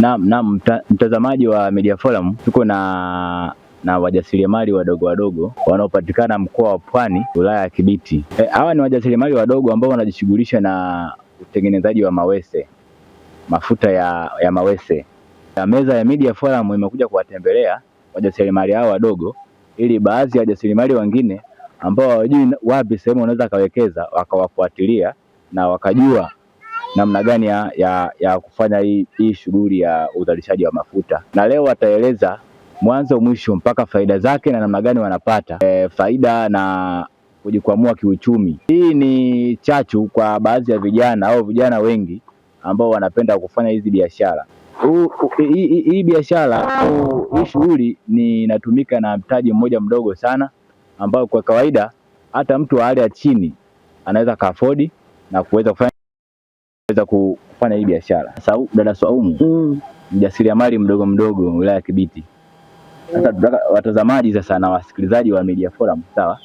Naam, naam, mtazamaji wa Media Forum, tuko na na wajasiriamali wadogo wadogo wanaopatikana mkoa wa Pwani, wilaya ya Kibiti. Eh, hawa e, ni wajasiriamali wadogo ambao wanajishughulisha na utengenezaji wa mawese, mafuta ya, ya mawese. Na meza ya Media Forum imekuja kuwatembelea wajasiriamali hao wadogo, ili baadhi ya wajasiriamali wengine ambao hawajui wapi sehemu wanaweza akawekeza wakawafuatilia na wakajua namna gani ya, ya, ya kufanya hii, hii shughuli ya uzalishaji wa mafuta, na leo wataeleza mwanzo mwisho mpaka faida zake na namna gani wanapata e, faida na kujikwamua kiuchumi. Hii ni chachu kwa baadhi ya vijana au vijana wengi ambao wanapenda kufanya hizi biashara. Hii biashara hii shughuli ni inatumika na mtaji mmoja mdogo sana, ambao kwa kawaida hata mtu wa hali ya chini anaweza kaafodi na kuweza kufanya kuweza kufanya hii biashara. Sasa dada Swaumu mm. mdogo mdogo wilaya ya Kibiti. Sasa mm. watazamaji sasa na wasikilizaji wa Media Forum sawa,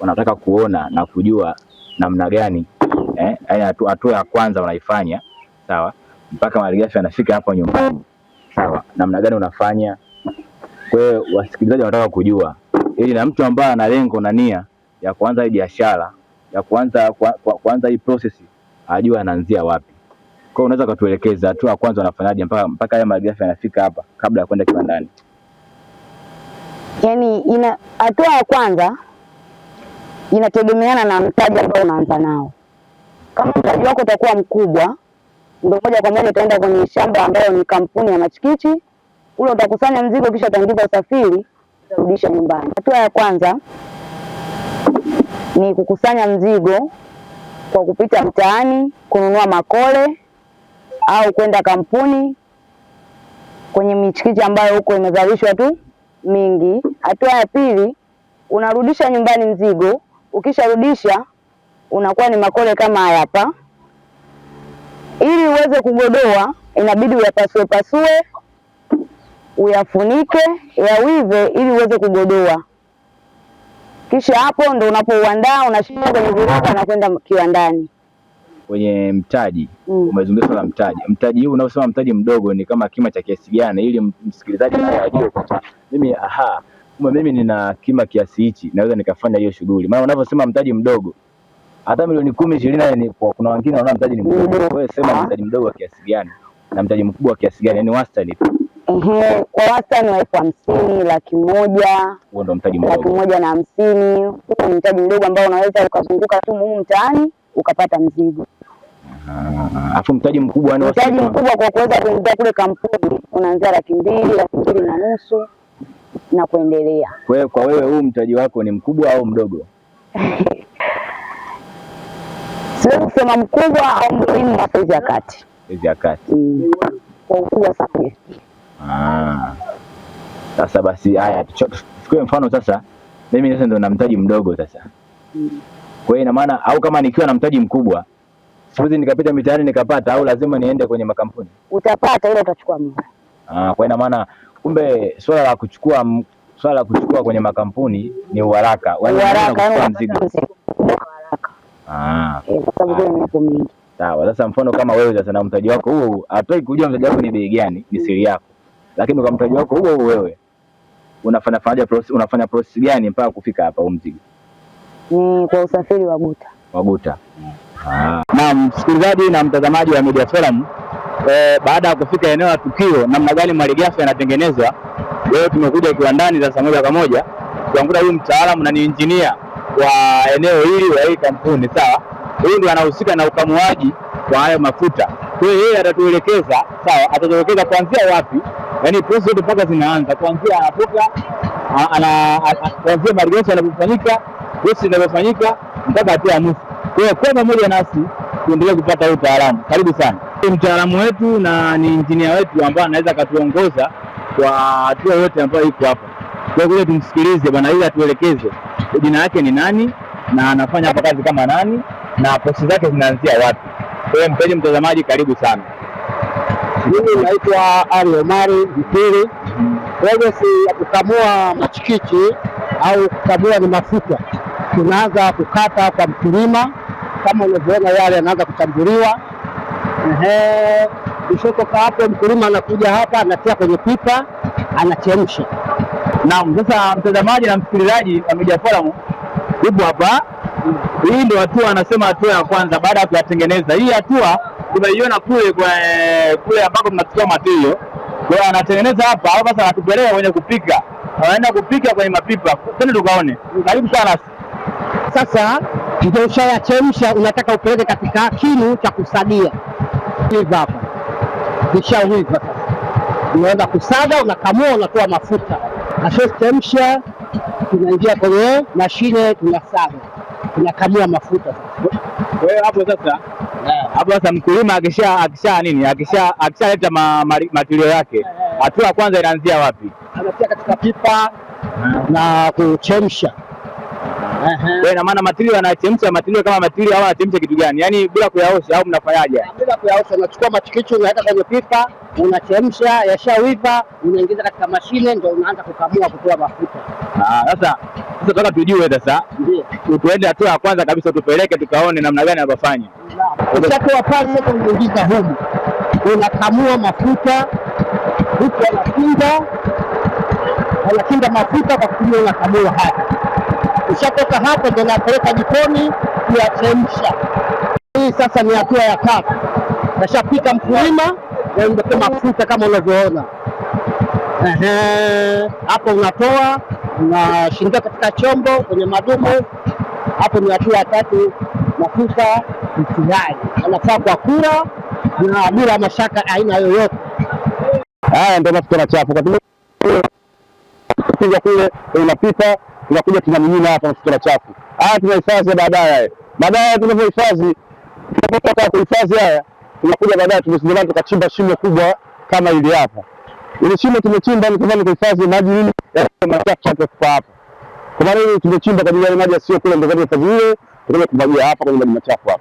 wanataka kuona na kujua namna gani eh, yaani hatua ya kwanza wanaifanya sawa, mpaka malighafi anafika hapo nyumbani sawa, namna gani unafanya. Kwa hiyo wasikilizaji wanataka kujua, ili na mtu ambaye ana lengo na nia ya kuanza hii biashara ya kuanza kuanza hii process ajue anaanzia wapi hiyo unaweza ukatuelekeza hatua ya kwanza wanafanyaje mpaka mpaka haya malighafi yanafika hapa kabla ya kwenda kiwandani? Yaani ina hatua ya kwanza inategemeana na mtaji ambao unaanza nao. Kama mtaji wako utakuwa mkubwa, ndio moja kwa moja utaenda kwenye shamba ambayo ni kampuni ya machikichi, ule utakusanya mzigo, kisha utaingiza usafiri, utarudisha nyumbani. Hatua ya kwanza ni kukusanya mzigo kwa kupita mtaani, kununua makole au kwenda kampuni kwenye michikichi ambayo huko imezalishwa tu mingi. Hatua ya pili, unarudisha nyumbani mzigo. Ukisharudisha unakuwa ni makole kama haya hapa. Ili uweze kugodoa, inabidi uyapasue pasue, uyafunike, yawive ili uweze kugodoa. Kisha hapo ndo unapouandaa, unashika kwenye viroba na kwenda kiwandani kwenye mtaji mm. Umezungumza swala mtaji, mtaji huu unaosema mtaji mdogo ni kama kima cha kiasi gani, ili msikilizaji ajue kwamba mimi aha, kumbe mimi nina kima kiasi hichi, naweza nikafanya hiyo shughuli. Maana unavyosema mtaji mdogo hata milioni kumi ishirini, kuna wengine wanaona mtaji ni mkubwa. Mm-hmm. Wewe sema mtaji mdogo wa kiasi gani na mtaji mkubwa wa kiasi gani, yani wastani tu. Ehe, kwa wastani wa elfu hamsini, laki moja, huo ndo mtaji mdogo. Laki moja na hamsini, huo ni mtaji mdogo ambao unaweza ukazunguka tu humu mtaani ukapata mzigo. Alafu mtaji mkubwa ni mtaji mkubwa kwa kuweza kuingia kule kampuni unaanzia laki mbili laki mbili na nusu na kuendelea. Kwa hiyo kwa wewe huu mtaji wako ni mkubwa au mdogo? Siwezi kusema mkubwa au mdogo, saizi ya kati, saizi ya kati mm. kwa ukubwa sana. Ah, sasa basi, haya tuchukue mfano sasa, mimi sasa ndo na mtaji mdogo sasa. Mm. Kwa hiyo ina maana au kama nikiwa na mtaji mkubwa siwezi nikapita mitaani nikapata, au lazima niende kwenye makampuni? Utapata ile, utachukua muda. Ah, kwa ina maana kumbe swala la kuchukua swala la kuchukua kwenye makampuni ni uharaka, uharaka mzigo. Ah, eh, sawa. Sasa mfano kama wewe sasa na mtaji wako huo, hatoi kujua mtaji wako ni bei gani, ni siri yako, lakini kwa mtaji wako huo wewe unafanya faja process, unafanya process gani mpaka kufika hapa huu mzigo? Ni kwa usafiri wa guta wa guta. Na msikilizaji na mtazamaji wa Media Forum, e, baada ya kufika eneo la tukio, namna gani malighafi yanatengenezwa, leo tumekuja kiwandani sasa moja kwa moja tuanguta huyu mtaalamu na ni injinia wa eneo hili wa hii kampuni sawa. Huyu ndio anahusika na ukamuaji wa hayo mafuta, kwa hiyo yeye atatuelekeza sawa, atatuelekeza kuanzia wapi, yaani process zote mpaka zinaanza kuanzia anapoka kuanzia malighafi yanapofanyika, process inavyofanyika mpaka hatua ya mwisho. Kwa kuwa pamoja nasi tuendelee kupata utaalamu. Karibu sana. Mtaalamu wetu na ni injinia wetu ambaye anaweza akatuongoza kwa hatua yote ambayo iko hapa. Kwa kuja tumsikilize bwana ili atuelekeze jina yake ni nani na anafanya hapa kazi kama nani na posti zake zinaanzia wapi. Kwa hiyo mpenzi mtazamaji, karibu sana. Mimi naitwa Ali Omari Mpili. Progresi ya kukamua machikichi au kukamua ni mafuta, tunaanza kukata kwa mkulima kama unavyoona yale yanaanza kuchambuliwa. Ehe, kishotoka hapo mkulima anakuja hapa anatia kwenye pipa anachemsha. Naam, sasa mtazamaji na msikilizaji wa Media Forum upo hapa. Hii ndio hatua anasema, hatua ya kwanza baada ya kuyatengeneza. Hii hatua tunaiona kule kwa eh, kule ambako tunachukua matio Kwa anatengeneza hapa, au sasa anatupeleka kwenye kupika, anaenda kupika kwenye mapipa. Twende tukaone. Karibu sana. Sasa ndio ushayachemsha, unataka upeleke katika kinu cha kusadia. Hivi hapa ishaiva sasa, unaweza kusaga, unakamua, unatoa mafuta. Ashochemsha, tunaingia kwenye mashine, tunasaga, tunakamua mafuta. Kwa hiyo hapo sasa hapo sasa mkulima akisha akisha nini akishaleta ma, ma, matilio yake, hatua ya kwanza inaanzia wapi? Anatia katika pipa na kuchemsha. -huh. ina maana matili wanachemsha matili kama matili au anachemsha kitu gani? Yaani bila kuyaosha au mnafanyaje? Yaani bila kuyaosha, unachukua matikiti unaweka kwenye pipa, unachemsha, yashawiva, unaingiza katika mashine ndio unaanza kukamua kutoa mafuta. Ah, sasa sasa tunataka tujue sasa. Ndio. Tuende hatua ya kwanza kabisa tupeleke tukaone namna gani anavyofanya. Ukishatoa pale sasa humu. Unakamua mafuta huku anakinga anakinga mafuta kwa kutumia unakamua haya Ushatoka hapo ndio napeleka jikoni kuyachemsha. Hii sasa ni hatua ya tatu, nashapika mkulima na mafuta kama unavyoona. Ehe, hapo unatoa unashindia katika chombo kwenye madumu. Hapo ni hatua ya tatu, mafuta mtihani anafaa kwa kula na bila mashaka aina yoyote. Haya ndio mafuta machafu kule unapita tunakuja tunamimina hapa mafuta machafu haya, tunahifadhi baadaye. Baadaye tunapohifadhi tunapotaka kuhifadhi haya, tunakuja baadaye tumesindomana, tukachimba shimo kubwa kama ile hapa. Ile shimo tumechimba ni kwa kuhifadhi maji ili yatakayokuwa hapa. Kwa maana ile tumechimba kwa ajili ya maji sio kule, ndio kwa hifadhi ile tunakuja kumwagia hapa kwenye maji machafu hapa.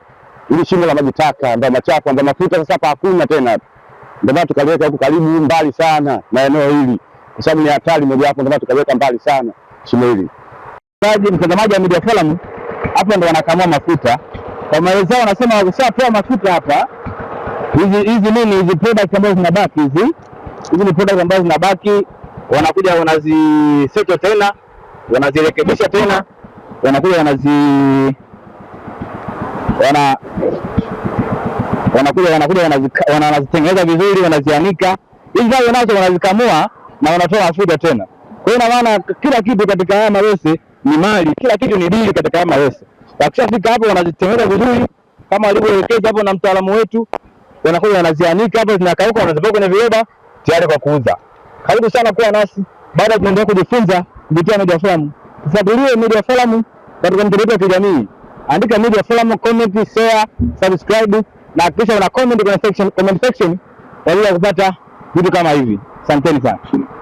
Ile shimo la maji taka ambayo machafu ambayo mafuta sasa hapa hakuna tena hapa. Ndio maana tukaliweka huko karibu mbali sana na eneo hili. Kwa sababu ni hatari moja hapo, ndio maana tukaliweka mbali sana shimo hili. Msikilizaji, mtazamaji wa Media Forum, hapa ndo wanakamua mafuta. Kwa maelezo yao wanasema wakishatoa mafuta hapa, hizi hizi nini, hizi product ambazo zinabaki hizi, hizi ni product ambazo zinabaki, wanakuja wanaziseto tena, wanazirekebisha tena, wanakuja wanazi wana wanakuja wanakuja wanazitengeneza vizuri, wanazianika hizi nazo wanazikamua na wanatoa mafuta tena. Kwa hiyo ina maana kila kitu katika haya marosi ni mali, kila kitu ni dili katika ama Lesa. Wakishafika hapo wanazitengeneza vizuri kama walivyoelekeza hapo na mtaalamu wetu, wanakuja wanazianika hapo, zinakauka, wanazipa kwenye viroba tayari kwa kuuza. Karibu sana kuwa nasi, baada ya kuendelea kujifunza kupitia Media Forum. Tufuatilie Media Forum katika mtandao wa kijamii, andika Media Forum, comment, share, subscribe na hakikisha una comment kwenye section, comment section ili ajili kupata vitu kama hivi. Asanteni sana.